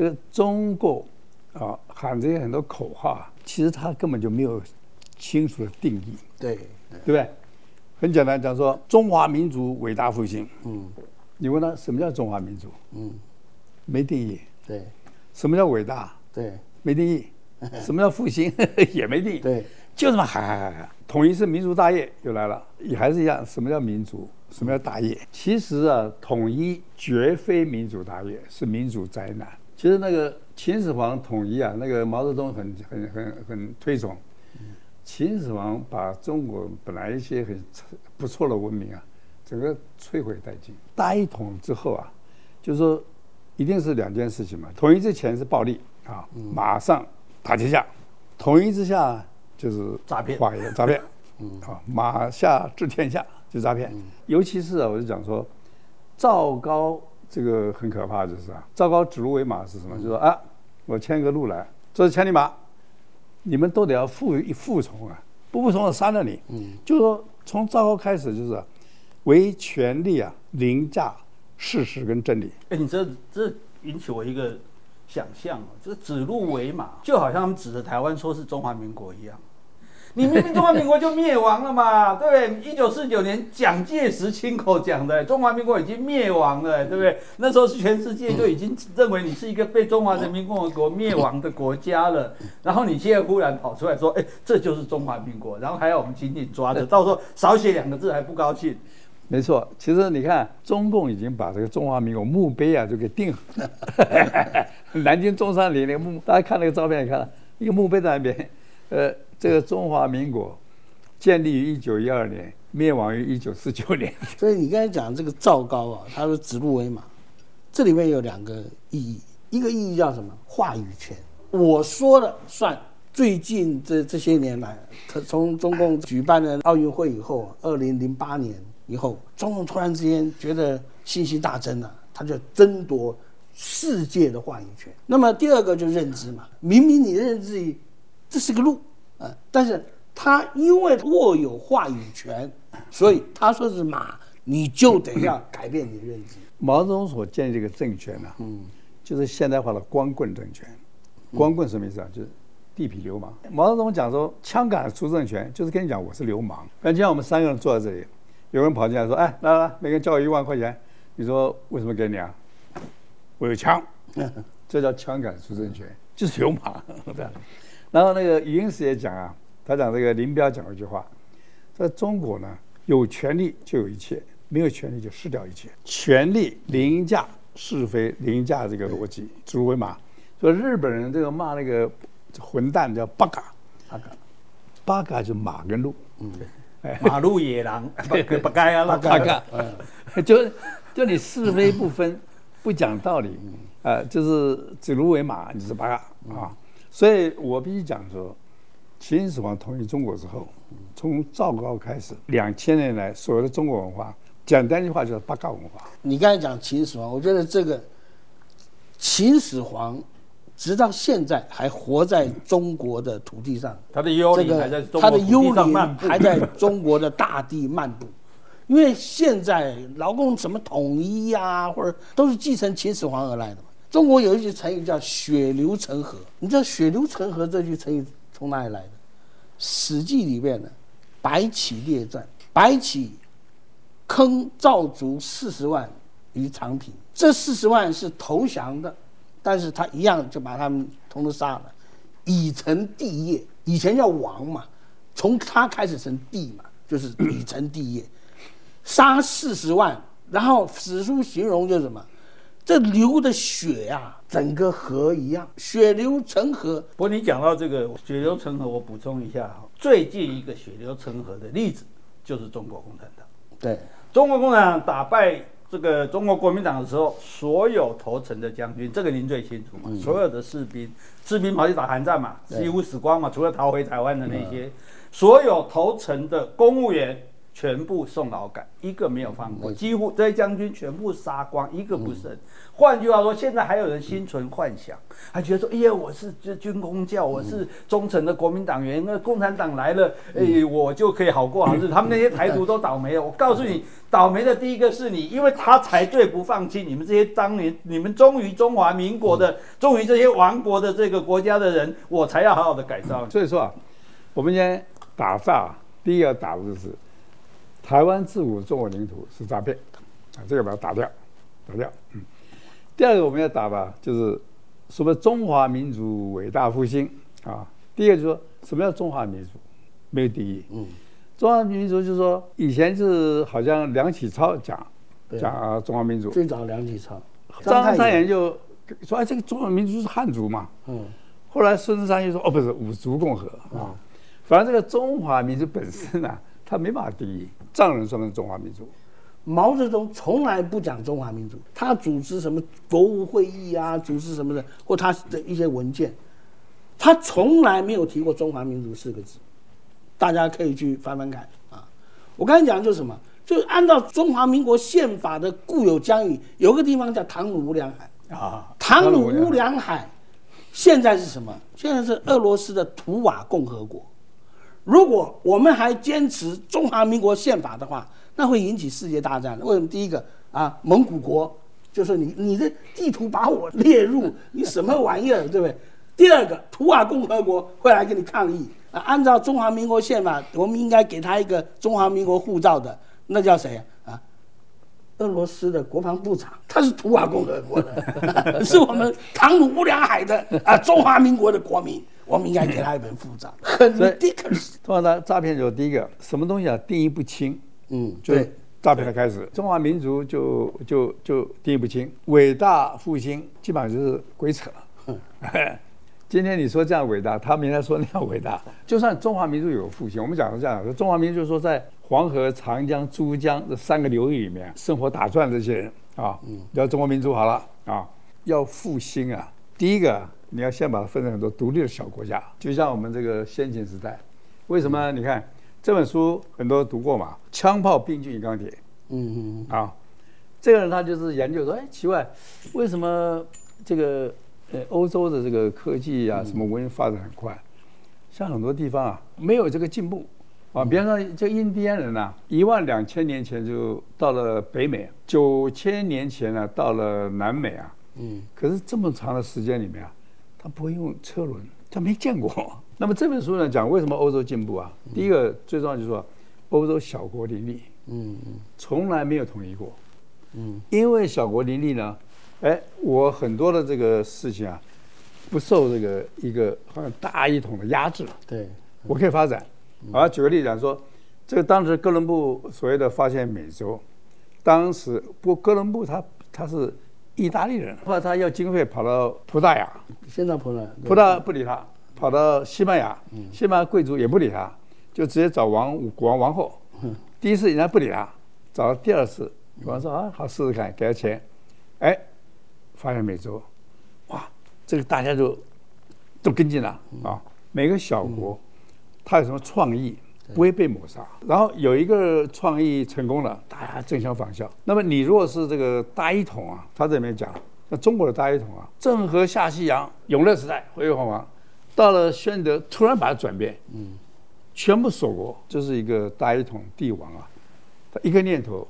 這個中國啊，喊這些很多口號啊，其實他根本就沒有清楚的定義。對，對，對不對？很簡單，講說中華民族偉大復興。嗯，你問他什麼叫中華民族？嗯，沒定義。對，什麼叫偉大？對，沒定義。什麼叫復興？ 也沒定義。對，就這麼喊喊喊喊。統一是民族大業，又來了，也還是一樣。什麼叫民族？什麼叫大業？嗯、其實啊，統一絕非民族大業，是民族災難。其實那個秦始皇統一啊，那個毛澤東很很很很推崇。嗯、秦始皇把中國本來一些很不錯的文明啊，整個摧毀殆盡。大一統之後啊，就是說一定是兩件事情嘛。統一之前是暴力啊，嗯、馬上打天下；統一之下就是詐騙，詐騙。嗯，好，馬下治天下就是詐騙。嗯、尤其是啊，我就講說趙高。這個很可怕，就是啊，趙高指鹿為馬是什麼？嗯、就是說啊，我牽個鹿來，這是千里馬，你們都得要服一服從啊，不服從我殺了你。嗯，就說從趙高開始就是、啊，為權力啊凌駕事實跟真理。哎，你這這引起我一個想象，就是指鹿為馬，就好像他們指着台灣說是中華民國一樣。你明明中華民國就滅亡了嘛，對不對？一九四九年，蔣介石親口講的，中華民國已經滅亡了，對不對？那時候是全世界就已經認為你是一個被中華人民共和國滅亡的國家了。然後你現在忽然跑出來說，哎，這就是中華民國，然後還要我們緊緊抓着，到時候少寫兩個字還不高興。沒錯，其實你看，中共已經把這個中華民國墓碑啊就給定好了， 南京中山陵那個墓，大家看那個照片，你看，一個墓碑在那邊，呃。這個中華民國建立於一九一二年，滅亡於一九四九年。所以你剛才講這個趙高啊，他說“指鹿為馬”，這裡面有兩個意義，一個意義叫什麼？話語權，我說了算。最近這這些年來，從中共舉辦了奧運會以後，二零零八年以後，中共突然之間覺得信息大增了啊，他就爭奪世界的話語權。那麼第二個就認知嘛，明明你認知這是個鹿。但是他因為握有話語權，所以他說是馬，你就得要改變你的認知。毛澤東所建立這個政權呢，嗯，就是現代化的光棍政權。光棍什麼意思啊？就是地痞流氓。毛澤東講說，槍桿出政權，就是跟你講我是流氓。那就像我們三個人坐在這裡，有人跑進來說，哎，來來來，每個人交我一萬塊錢，你說為什麼給你啊？我有槍，這叫槍桿出政權，就是流氓。對。然後那個語音師也講啊，他講這個林彪講了一句話，在中國呢，有權力就有一切，沒有權力就失掉一切。權力凌駕是非凌駕這個邏輯，指鹿、嗯、為馬。說日本人這個罵那個混蛋叫八嘎，八嘎，八嘎就是馬跟鹿，嗯，哎、馬鹿野郎，八 嘎啊，八嘎，就就你是非不分， 不講道理，啊，就是指鹿為馬，你是八嘎啊。嗯所以，我必須講說，秦始皇統一中國之後，從趙高開始，兩千年來所謂的中國文化，簡單一句話就是八嘎文化。你剛才講秦始皇，我覺得這個秦始皇，直到現在還活在中國的土地上，嗯、他的幽靈還，還在中國的大地漫步， 因為現在勞動什麼統一呀、啊，或者都是繼承秦始皇而來的。中國有一句成語叫“血流成河”，你知道“血流成河”這句成語從哪裡來的？《史記》裡面的《白起列傳》，白起坑趙卒四十萬於長平，這四十萬是投降的，但是他一樣就把他們統統殺了，以成帝業。以前叫王嘛，從他開始成帝嘛，就是以成帝業，殺四十萬，然後史書形容就是什麼？這流的血呀、啊，整個河一樣，血流成河。不過你講到這個血流成河，我補充一下哈，最近一個血流成河的例子，就是中國共產黨。對，中國共產黨打敗這個中國國民黨的時候，所有投誠的將軍，這個您最清楚嘛，嗯、所有的士兵，嗯、士兵跑去打韓戰嘛，幾乎死光嘛，除了逃回台灣的那些，嗯、所有投誠的公務員。全部送勞改，一個沒有放過，幾乎這些將軍全部殺光，一個不剩。嗯、換句話說，現在還有人心存幻想，嗯、還覺得說：哎呀，我是這軍公教，嗯、我是忠誠的國民黨員，那、嗯、共產黨來了，哎，我就可以好過好日子。嗯、他們那些台獨都倒霉了，嗯、我告訴你，嗯、倒霉的第一個是你，因為他才最不放棄你們這些當年你們忠於中華民國的、嗯、忠於這些亡國的這個國家的人，我才要好好的改造。所以說啊，我們今天打仗，第一個打的就是。台灣自古中國領土是詐騙，啊，這個把它打掉，打掉。嗯，第二個我們要打吧，就是什麼中華民族偉大復興啊。第一個就是說，什麼叫中華民族？沒有定義。嗯，中華民族就是說，以前是好像梁啟超講講、啊啊、中華民族，最早梁啟超，章太炎就說哎，這個中華民族是漢族嘛。嗯，後來孫中山又說哦，不是五族共和啊。嗯、反正這個中華民族本身呢。他沒辦法定義藏人算進中華民族。毛澤東從來不講中華民族，他組織什麼國務會議啊，組織什麼的，或他的一些文件，他從來沒有提過“中華民族”四個字。大家可以去翻翻看啊！我剛才講的就是什麼，就是按照中華民國憲法的固有疆域，有個地方叫唐努烏梁海啊，唐努烏梁海現在是什麼？現在是俄羅斯的圖瓦共和國。如果我們還堅持中華民國憲法的話，那會引起世界大戰。為什麼？第一個啊，蒙古國就是你你這地圖把我列入，你什麼玩意兒，對不對？第二個，圖瓦共和國會來給你抗議啊。按照中華民國憲法，我們應該給他一個中華民國護照的，那叫誰啊？啊，俄羅斯的國防部長，他是圖瓦共和國的， 是我們唐努烏梁海的啊，中華民國的國民。我們應該給他一本護照，很低開始。通常呢，詐騙就是第一個什麼東西啊，定義不清。嗯，就對，對，詐騙的開始。中華民族就就就定義不清，偉大復興基本上就是鬼扯。嗯，今天你說這樣偉大，他明天說那樣偉大。就算中華民族有復興，我們講是這樣的，中華民族就是說在黃河、長江、珠江這三個流域裡面生活打轉這些人啊，嗯，叫中國民族好了啊，要復興啊。第一個，你要先把它分成很多獨立的小國家，就像我們這個先秦時代，為什麼你看，嗯、這本書很多讀過嘛，《槍炮、病菌與鋼鐵》，嗯嗯啊，嗯這個人他就是研究說，哎，奇怪，為什麼這個呃歐洲的這個科技啊，什麼文明發展很快，嗯、像很多地方啊，沒有這個進步，嗯、啊。比方說，這印第安人呢、啊，一萬兩千年前就到了北美，九千年前呢、啊、到了南美啊。嗯，可是這麼長的時間裡面啊，他不會用車輪，他沒見過。那麼這本書呢，講為什麼歐洲進步啊？嗯、第一個最重要就是說，歐洲小國林立，嗯嗯，嗯從來沒有統一過，嗯，因為小國林立呢，哎，我很多的這個事情啊，不受這個一個好像大一統的壓制，對，嗯、我可以發展。啊。舉個例子講說，嗯、這個當時哥倫布所謂的發現美洲，當時不過，哥倫布他他是。意大利人，怕他要經費，跑到葡萄牙，先到葡萄牙，葡萄牙不理他，跑到西班牙，嗯、西班牙貴族也不理他，就直接找王國王王後。嗯、第一次人家不理他，找到第二次，國王說啊，好試試看，給他錢，哎、嗯，發現美洲，哇，這個大家就都，都跟進了、嗯、啊，每個小國，他、嗯、有什麼創意？不會被抹殺。然後有一個創意成功了，大家爭相仿效。那麼你如果是這個大一統啊，他這裡面講，那中國的大一統啊，鄭和下西洋，永樂時代輝煌啊，到了宣德突然把它轉變，嗯，全部鎖國，就是一個大一統帝王啊，他一個念頭，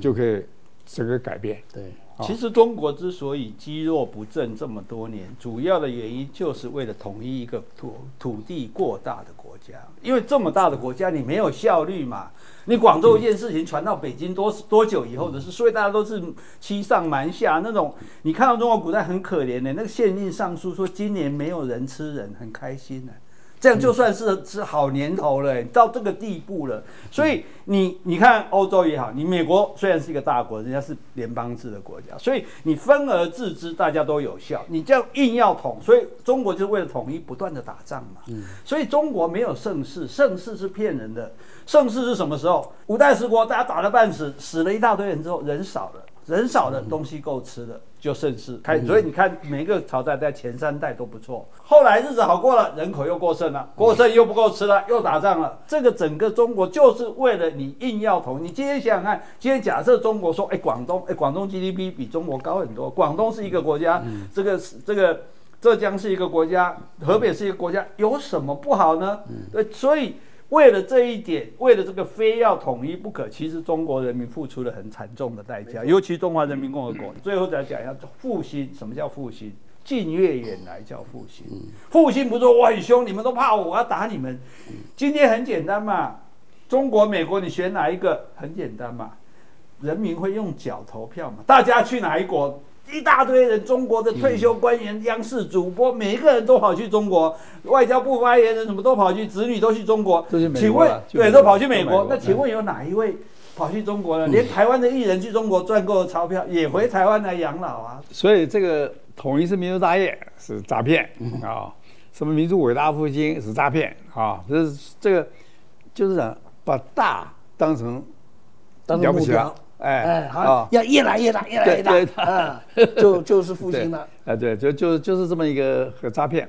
就可以整個改變。嗯，對。其實中國之所以積弱不振這麼多年，主要的原因就是為了統一一個土土地過大的國家，因為這麼大的國家你沒有效率嘛，你廣州一件事情傳到北京多，嗯、多久以後的事。所以大家都是欺上瞞下那種。你看到中國古代很可憐的，欸，那個縣令上書說，今年沒有人吃人，很開心，啊這樣就算是是好年頭了，到這個地步了。所以你你看歐洲也好，你美國雖然是一個大國，人家是聯邦制的國家，所以你分而治之，大家都有效。你這樣硬要統，所以中國就是為了統一不斷的打仗嘛。嗯。所以中國沒有盛世，盛世是騙人的。盛世是什麼時候？五代十國大家打了半死，死了一大堆人之後，人少了。人少的東西夠吃的就盛世開，所以你看每個朝代在前三代都不錯，後來日子好過了，人口又過剩了，過剩又不夠吃了，又打仗了。嗯、這個整個中國就是為了你硬要統一。你今天想想看，今天假設中國說，哎，廣東，哎，廣東 GDP 比中國高很多，廣東是一個國家，嗯嗯、這個這個浙江是一個國家，河北是一個國家，有什麼不好呢？嗯、對，所以。為了這一點，為了這個非要統一不可，其實中國人民付出了很慘重的代價，沒錯，尤其中華人民共和國。嗯、最後再講一下復興，什麼叫復興？近悅遠來叫復興。嗯、復興不是說我很兇，你們都怕我，我要打你們。今天很簡單嘛，中國、美國，你選哪一個？很簡單嘛，人民會用腳投票嘛，大家去哪一國？一大堆人，中國的退休官員、嗯、央視主播，每一個人都跑去中國，外交部發言人什麼都跑去，子女都去中國。國請問，就對，就都跑去美國。就美國，那請問有哪一位跑去中國了？嗯、連台灣的藝人去中國賺夠了鈔票，也回台灣來養老啊？所以這個統一是民族大業，是詐騙啊、嗯哦！什麼民族偉大復興是詐騙啊？這、哦、是這個就是想把大當成了不起了，當目標。哎，哎，好，哦、要越來越大，越來越大，啊， 就就是復興了。哎，對，就就就是這麼一個和詐騙。